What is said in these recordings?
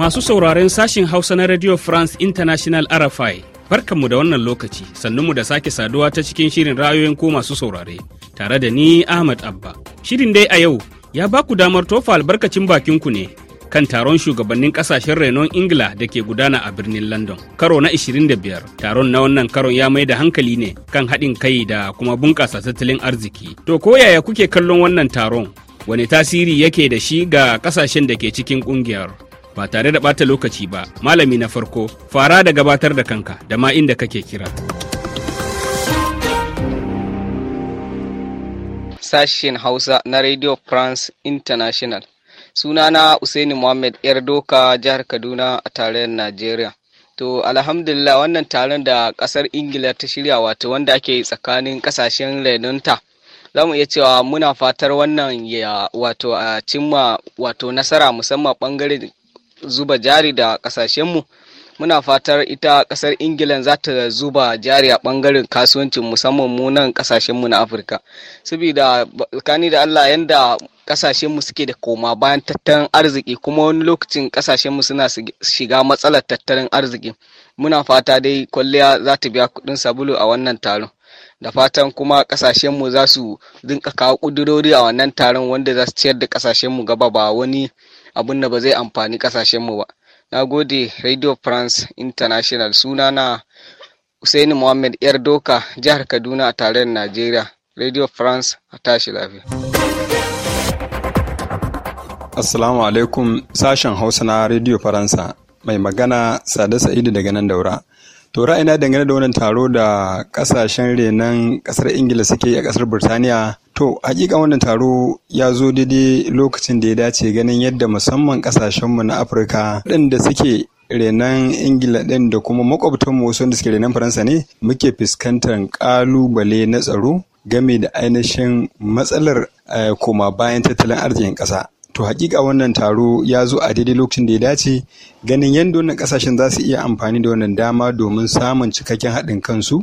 Masu sauraren sashin Hausa na Radio France International RFI, barkanmu da wannan lokaci, sannunmu da sake saduwa ta cikin shirin rayoyin ko masu saurare, tare da ni Ahmad Abba. Shirin dai a yau ya baku ku damar tofa albarkacin bakinku ne kan taron shugabannin kasashen renon ingila da ke gudana a birnin london karo na 25 taron na wannan karon ya mai da hankali ne kan haɗin kai da kuma bunƙasa tattalin arziki to ko yaya kuke kallon wannan taron wani tasiri yake da shi ga kasashen da ke cikin ƙungiyar ba tare da bata lokaci ba malami na farko fara da gabatar da kanka da ma inda kake kira. sashen Hausa na Radio France International. sunana usaini muhammad yar doka jihar kaduna a tarayyar najeriya to alhamdulillah wannan taron da kasar ingila ta shirya wato wanda ake tsakanin kasashen renunta za mu iya cewa muna fatar wannan ya wato a cimma wato nasara musamman bangaren zuba jari da kasashenmu muna fatar ita kasar ingila za ta zuba jari a bangaren kasuwancin musamman mu nan kasashenmu na afirka Sabida tsakani da allah yanda kasashen mu suke da koma bayan tattalin arziki kuma wani lokacin kasashen mu suna shiga matsalar tattalin arziki muna fata dai kwalliya za ta biya kudin sabulu a wannan taron da fatan kuma kasashen mu za su rinka kawo kudurori a wannan taron wanda za su ciyar da kasashen mu gaba ba wani abun da ba zai amfani kasashen mu ba na gode radio france international sunana Usaini Muhammad Yar Doka, jihar Kaduna a tarayyar Najeriya. Radio France a tashi lafiya. Assalamu alaikum sashen Hausa na Radio Faransa mai magana Sada Sa'idu daga nan daura. To ra'ina dangane da wannan taro da kasashen renon kasar Ingila suke a kasar Burtaniya. To hakika wannan taro ya zo daidai lokacin da ya dace ganin yadda musamman kasashenmu na Afirka waɗanda suke renon ingila ɗin da kuma makwabtanmu wasu wanda suke renon faransa ne muke fuskantar kalubale na tsaro game da ainihin matsalar eh, koma bayan tattalin arzikin ƙasa to hakika wannan taro ya zo a daidai lokacin da ya dace ganin yadda wannan kasashen za su iya amfani da wannan dama domin samun cikakken haɗin kansu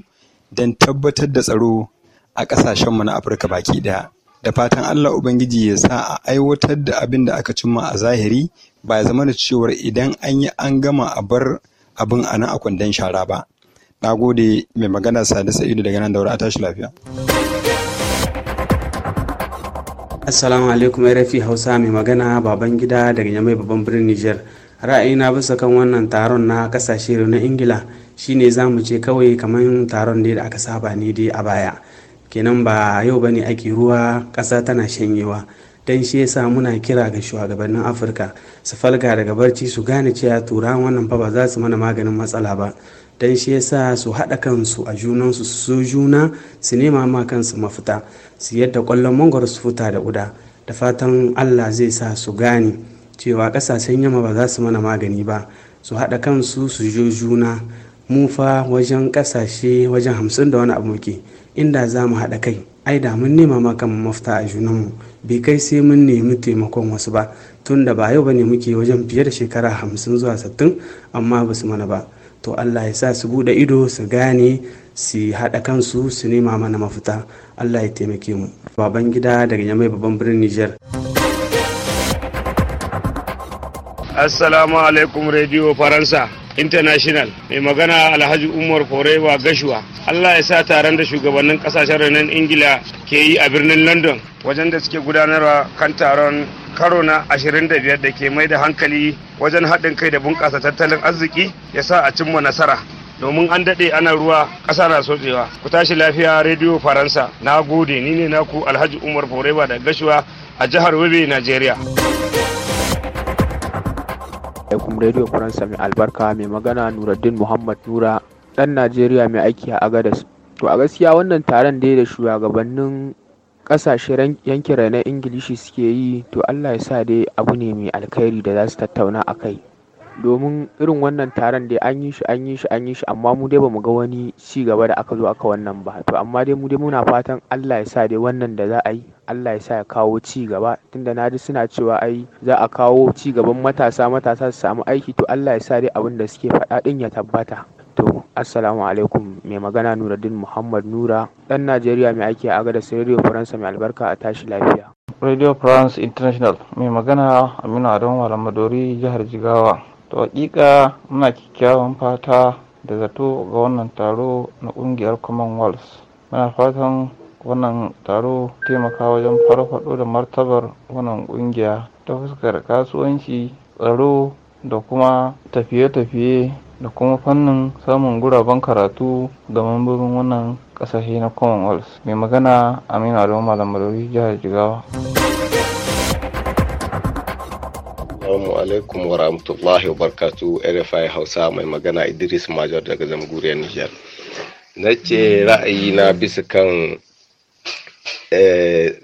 don tabbatar da tsaro a ƙasashenmu na afirka baki ɗaya da fatan allah ubangiji ya sa a aiwatar da abin da aka cimma a zahiri ba ya zama da cewar idan an yi an gama a bar abin a nan a kwandon shara ba na gode mai magana sadi sa'idu daga nan wuri a tashi lafiya assalamu alaikum rfi hausa mai magana baban gida daga yamai babban birnin niger ra'ayina bisa kan wannan taron na kasashe na ingila shine za mu ce kawai kamar taron ne da aka saba ne dai a baya kenan ba yau bane ake ruwa ƙasa tana shanyewa don shi yasa muna kira ga shugabannin afirka su falga daga barci su gane cewa turawan wannan fa ba za su mana maganin matsala ba don shi yasa su haɗa kansu a junansu su juna su nema ma kansu mafita su yadda ƙwallon mangwaro su futa da uda da fatan allah zai sa su gane cewa ƙasashen yamma ba za su mana magani ba su haɗa kansu su ju juna mu fa wajen ƙasashe wajen hamsin da wani abu muke inda za mu haɗa kai ai da mun nema ma kan mafita a junanmu bai kai sai mun nemi taimakon wasu ba tun da ba yau ba ne muke wajen fiye da shekara hamsin zuwa sattin amma ba su mana ba to allah ya sa su buɗe ido su gane su haɗa kansu su nema mana mafita allah ya taimake mu baban gida daga yamai babban birnin niger assalamu alaikum radio faransa international mai magana alhaji umar forewa gashuwa allah ya sa taron da shugabannin kasashen renon ingila ke yi a birnin london wajen da suke gudanarwa kan taron karo na 25 da ke mai da hankali wajen haɗin kai da bunƙasa tattalin arziki ya sa a cimma nasara domin an daɗe ana ruwa ƙasa na sotsewa ku tashi lafiya rediyo faransa na gode ni ne naku alhaji umar foreba da gashuwa a jihar webe najeriya Radio faransa mai albarka mai magana Nuruddin Muhammad Nura dan Najeriya mai aiki a Agadas. To a gaskiya wannan taron dai da shugabannin ƙasashe yankin na Ingilishi suke yi to Allah ya sa dai abu ne mai alkhairi da za su tattauna a kai. domin irin wannan taron dai an yi shi an yi shi an yi shi amma mu dai bamu ga wani ci gaba da aka zo aka wannan ba to amma dai mu dai muna fatan Allah ya sa dai wannan da za a yi Allah ya sa ya kawo ci gaba tunda na ji suna cewa ai za a kawo ci gaban matasa matasa su samu aiki to Allah ya sa dai abin da suke faɗa din ya tabbata to assalamu alaikum mai magana Nuruddin Muhammad Nura dan Najeriya mai aiki a Agada Radio Faransa mai albarka a tashi lafiya Radio France International mai magana Aminu Adamu alamadori jihar Jigawa to hakika muna kyakkyawan fata da zato ga wannan taro na kungiyar commonwealth muna fatan wannan taro taimaka wajen farfaɗo da martabar wannan kungiya ta fuskar kasuwanci tsaro da kuma tafiye-tafiye da kuma fannin samun guraben karatu ga mambobin wannan kasashe na commonwealth mai magana amina adamu malam jihar jigawa Assalamu alaikum wa rahmatullahi wa barkatu RFI Hausa mai magana Idris Major daga Zamguriyar Nijar. Na ce ra'ayina bisa kan eh,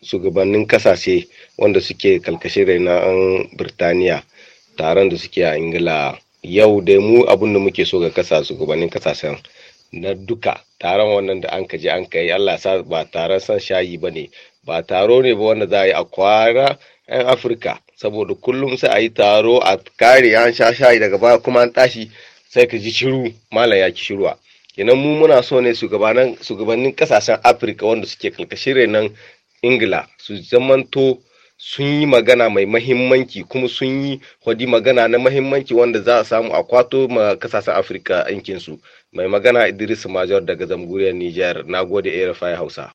shugabannin kasashe wanda suke kalkashe an Birtaniya taron da suke a Ingila yau dai mu abin da muke so ga kasa shugabannin kasashen na duka taron wannan da an ka je an ka Allah sa ba taron san shayi ba ne ba taro ne ba wanda za a yi a kwara 'yan Afirka saboda kullum sai a yi taro a kare an sha shayi daga baya kuma an tashi sai ka ji shiru malam ya ki shiruwa kenan mu muna so ne shugabannin kasashen afirka wanda suke kalkashin renon ingila su zamanto sun yi magana mai mahimmanci kuma sun yi hudi magana na mahimmanci wanda za a samu a kwato ma kasashen afirka yankinsu mai magana idris major daga zamguriyar niger na gode eh, air hausa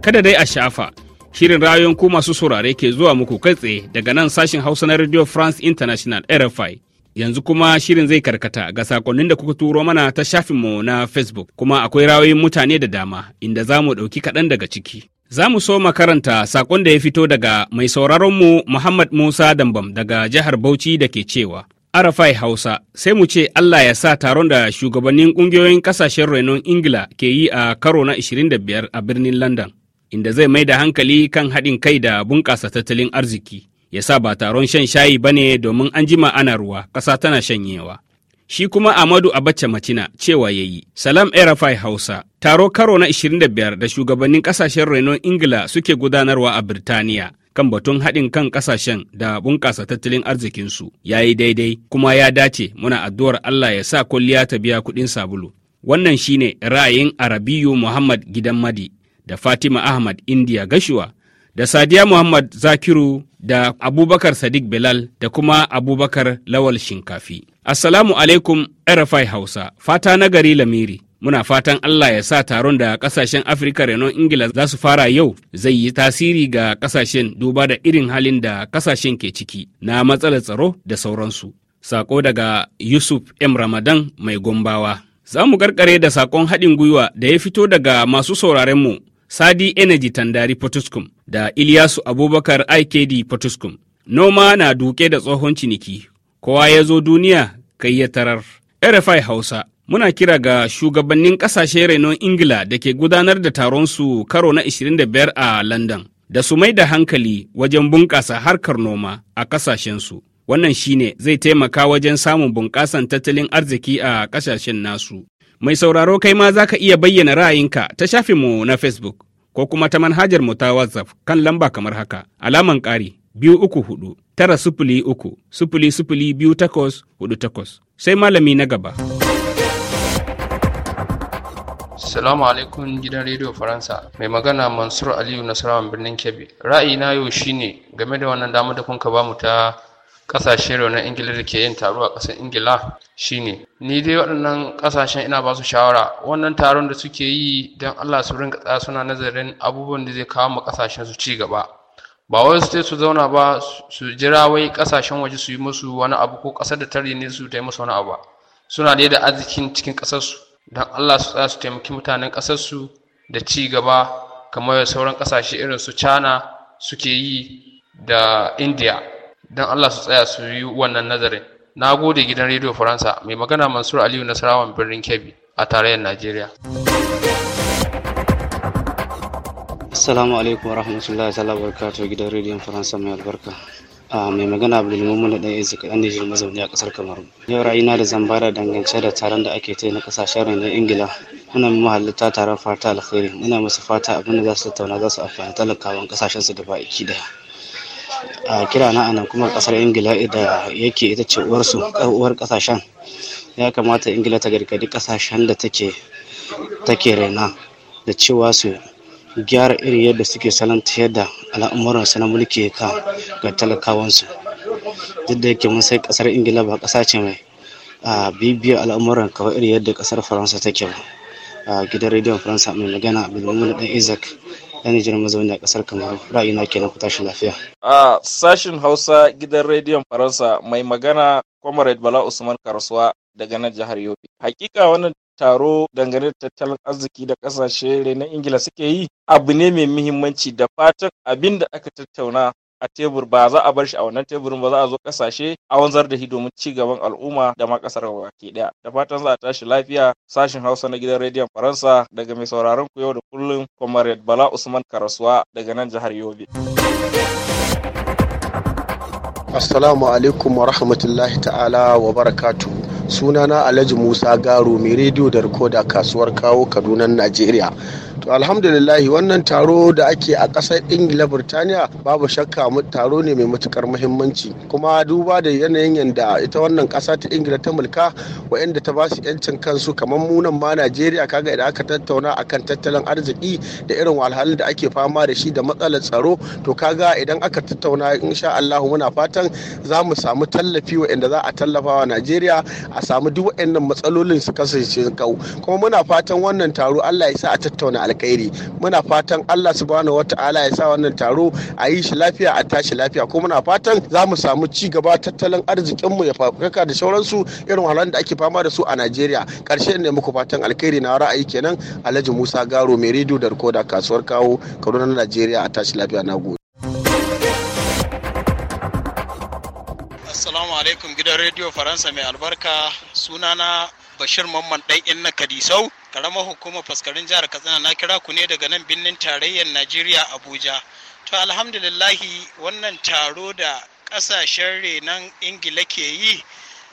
kada dai a shafa Shirin rayon ku masu saurare ke zuwa muku kai tsaye daga nan sashin Hausa na Radio France International RFI. Yanzu kuma shirin zai karkata ga sakonnin da kuka turo mana ta shafinmu na Facebook kuma akwai rayoyin mutane da dama inda za mu ɗauki kaɗan daga ciki. Za mu so makaranta sakon da ya fito daga mai sauraronmu Muhammad Musa Dambam daga jihar Bauchi da ke cewa Arafai Hausa sai mu ce Allah ya sa taron da shugabannin ƙungiyoyin ƙasashen renon Ingila ke yi a karo na 25 a birnin London. inda zai mai da hankali kan haɗin kai da bunƙasa tattalin arziki ya sa ba taron shan shayi ba ne domin an jima ana ruwa ƙasa tana shanyewa shi kuma amadu abacha macina cewa ya yi salam erafai hausa taro karo na 25 da shugabannin ƙasashen renon ingila suke gudanarwa a birtaniya kan batun haɗin kan ƙasashen da bunƙasa tattalin arzikinsu ya yi daidai kuma ya dace muna addu'ar Allah ya sa kwalliya ta biya kuɗin sabulu. Wannan shine ra'ayin Arabiyu Muhammad Gidan Madi da Fatima Ahmad India Gashua da Sadiya Muhammad Zakiru da Abubakar Sadiq Bilal da kuma Abubakar Lawal Shinkafi. Assalamu alaikum RFI Hausa, fata na gari Lamiri. Muna fatan Allah ya sa taron da kasashen Afirka renon Ingila za su fara yau zai yi tasiri ga kasashen duba da irin halin da kasashen ke ciki na matsalar tsaro da sauransu. Sako daga Yusuf M. Ramadan mai gombawa. Za mu karkare da sakon haɗin gwiwa da ya fito daga masu sauraren mu Sadi Energy Tandari Potuskum da Ilyasu Abubakar IKD Potuskum. Noma na duke da tsohon ciniki, kowa ya zo duniya kai ya tarar. RFI Hausa muna kira ga shugabannin ƙasashe rainon Ingila da ke gudanar da taron su karo na 25 a London da su mai da hankali wajen bunƙasa harkar noma a ƙasashensu. Wannan shine zai taimaka wajen samun bunƙasan tattalin arziki a ƙasashen nasu. Mai sauraro kai ma za ka iya bayyana ra'ayinka ta shafinmu na Facebook ko kuma ta manhajar mu ta WhatsApp kan lamba kamar haka alaman ƙari biyu uku hudu tara sufuli uku sufuli sufuli biyu takwas hudu takwas sai malami na gaba. Salamu alaikum gidan rediyo Faransa. Mai magana Mansur Aliyu Nasarawan birnin Kebbi. Ra'ayi na yau shine game da wannan damar da kun ka bamu ta ƙasashe raunin ingila da ke yin taro a ƙasar ingila shine ni dai waɗannan ƙasashen ina ba su shawara wannan taron da suke yi don allah su rinka tsaya suna nazarin abubuwan da zai kawo ma ƙasashen su ci gaba ba wai su su zauna ba su jira wai ƙasashen waje su yi musu wani abu ko kasar da tare ne su ta yi musu wani abu ba suna da arzikin cikin ƙasarsu don allah su tsaya su taimaki mutanen ƙasarsu da ci gaba kamar sauran ƙasashe irin su china suke yi da india don Allah su tsaya su yi wannan nazarin na gode gidan rediyo faransa mai magana mansur aliyu nasarawan birnin kebbi a tarayyar najeriya assalamu alaikum wa rahmatullahi ta'ala barakatuh gidan rediyon faransa mai albarka a mai magana abdulmumun da yanzu kaɗan ne jirgin mazauni a ƙasar kamaru yau ra'ayina da zan bada dangance da taron da ake ta na ƙasashen na ingila muna mahallarta taron fata alkhairi muna musu fata abin da za su tattauna za su amfani talakawan ƙasashen su da baki daya a kira na anan kuma kasar ingila da yake ita ce uwarsu eh, uwar kasashen ya kamata ingila ta gargadi kasashen da take take rena da cewa su gyara iri yadda suke salanta yadda su na mulki ka ga talakawansu duk da yake mun sai kasar ingila ba kasa ce mai a bibiyar al'amuran kawai irin yadda kasar faransa take ba a gidan rediyon faransa mai magana abdulmumin dan isaac yan Nijar mazauni a kasar Kamaru ra'ayina kenan ku tashi lafiya. A sashen Hausa gidan rediyon Faransa mai magana Comrade Bala Usman Karsuwa daga nan jihar Yobe. Hakika wannan taro dangane da tattalin arziki da kasashe na Ingila suke yi abu ne mai muhimmanci da fatan abin da aka tattauna a tebur ba za a bar shi a wannan teburin ba za a zo kasashe a wanzar da shi domin ci gaban al'umma da ma kasar baki daya da fatan za a tashi lafiya sashin hausa na gidan rediyon faransa daga mai sauraron ku yau da kullum comrade bala usman karasuwa daga nan jihar yobe. Assalamu alaikum wa rahmatullahi ta'ala wa barakatu Sunana Alhaji Musa Garo mai rediyo da rikoda kasuwar kawo Kaduna Najeriya. To alhamdulillahi wannan taro da ake a ƙasar Ingila Birtaniya babu shakka taro ne mai matukar muhimmanci kuma duba da yanayin yadda ita wannan ƙasa ta Ingila ta mulka wa'inda ta ba su 'yancin kansu kamar munan ma Najeriya kaga idan aka tattauna akan tattalin arziki da irin wahalhalun da ake fama da shi da matsalar tsaro to kaga idan aka tattauna insha allahu muna fatan za mu samu tallafi wa'inda za a tallafa wa Najeriya a samu duk wayannan matsalolin su kasance kau kuma muna fatan wannan taro Allah ya sa a tattauna alkhairi muna fatan Allah subhanahu wata'ala ya sa wannan taro a yi shi lafiya a tashi lafiya kuma muna fatan za mu samu ci gaba tattalin arzikin mu ya fafaka da sauransu irin halan da ake fama da su a Najeriya karshe ne muku fatan alkhairi na ra'ayi kenan Alhaji Musa Garo mai rediyo da rikoda kasuwar kawo Kaduna Najeriya a tashi lafiya na gobe. Assalamu alaikum gidan rediyo Faransa mai albarka sunana bashir mamman ɗan in na kadisau karamar hukumar faskarin jihar katsina na kira ku ne daga nan birnin tarayyar najeriya abuja to alhamdulillahi wannan taro da ƙasashen renon ingila ke yi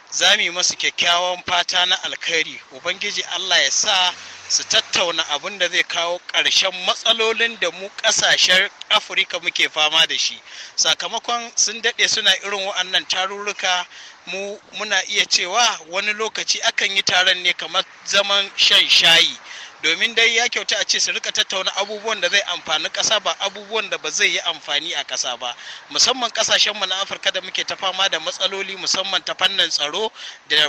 za mu yi masu kyakkyawan fata na alkhairi ubangiji allah ya sa su tattauna abin da zai kawo ƙarshen matsalolin da mu ƙasashen afirka muke fama da shi sakamakon sun daɗe suna irin wa'annan tarurruka mu muna iya cewa wani lokaci akan yi taron ne kamar zaman shan shayi domin dai ya kyauta a ce su rika tattauna abubuwan da zai amfani ƙasa ba abubuwan da ba zai yi amfani a ƙasa ba musamman ƙasashenmu na afirka da muke ta fama da matsaloli musamman ta fannin tsaro da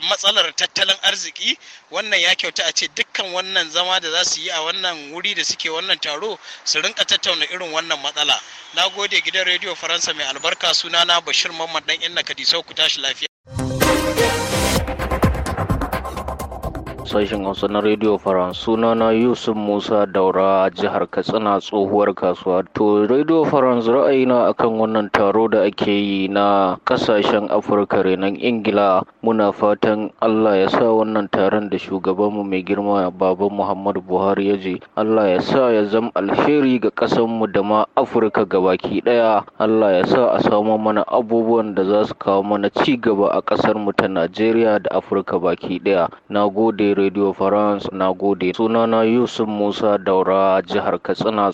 matsalar tattalin arziki wannan ya kyauta a ce dukkan wannan zama da za su yi a wannan wuri da suke wannan taro su rinka tattauna irin wannan matsala na gode gidan rediyo faransa mai albarka sunana bashir mamman dan inna kadisau ku tashi lafiya sashen hausa na radio suna na yusuf musa daura a jihar katsina tsohuwar kasuwa to radio Farans ra'ayina akan wannan taro da ake yi na kasashen afirka renon ingila muna fatan allah ya sa wannan taron da shugabanmu mai girma baban muhammadu buhari ya je allah ya sa ya zama alheri ga kasanmu da ma afirka baki daya allah ya sa a samo mana abubuwan da za su kawo mana ci gaba a kasarmu ta najeriya da afirka baki daya na gode Radio France na gode. Sunana Yusuf Musa Daura jihar Katsina.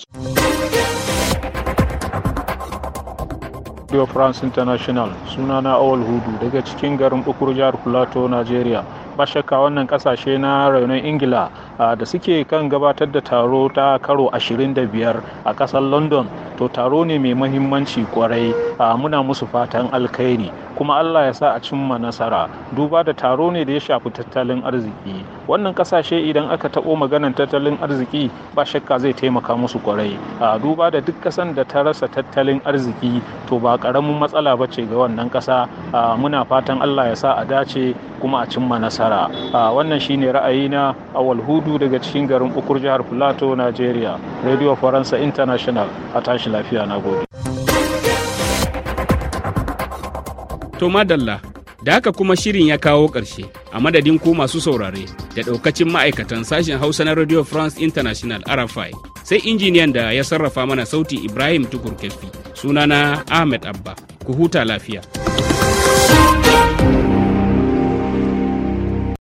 Radio France International sunana Awal Hudu daga cikin garin Ukuru jihar Plateau, Nigeria. ba shakka wannan kasashe na raunin ingila ah, da suke kan gabatar da taro ta karo 25 a kasar london to taro ne mai mahimmanci kwarai ah, muna musu fatan alkhairi kuma Allah ya sa a cimma nasara duba da taro ne da ya shafi tattalin arziki wannan kasashe idan aka taɓo maganan tattalin arziki ba shakka zai taimaka musu kwarai a duba da duk ƙasan da ta rasa tattalin arziki to ba ƙaramin matsala ba ce ga wannan ƙasa muna fatan Allah ya sa a dace kuma a cimma nasara wannan shine ra'ayi na awal hudu daga cikin garin ukur jihar plateau nigeria radio faransa international a tashi lafiya na gobe To madalla, da haka kuma shirin ya kawo ƙarshe a madadin ko masu saurare da ɗaukacin ma'aikatan sashen Hausa na Radio France International RFI sai injiniyan da ya sarrafa mana sauti Ibrahim Tukur suna sunana Ahmed Abba ku huta lafiya.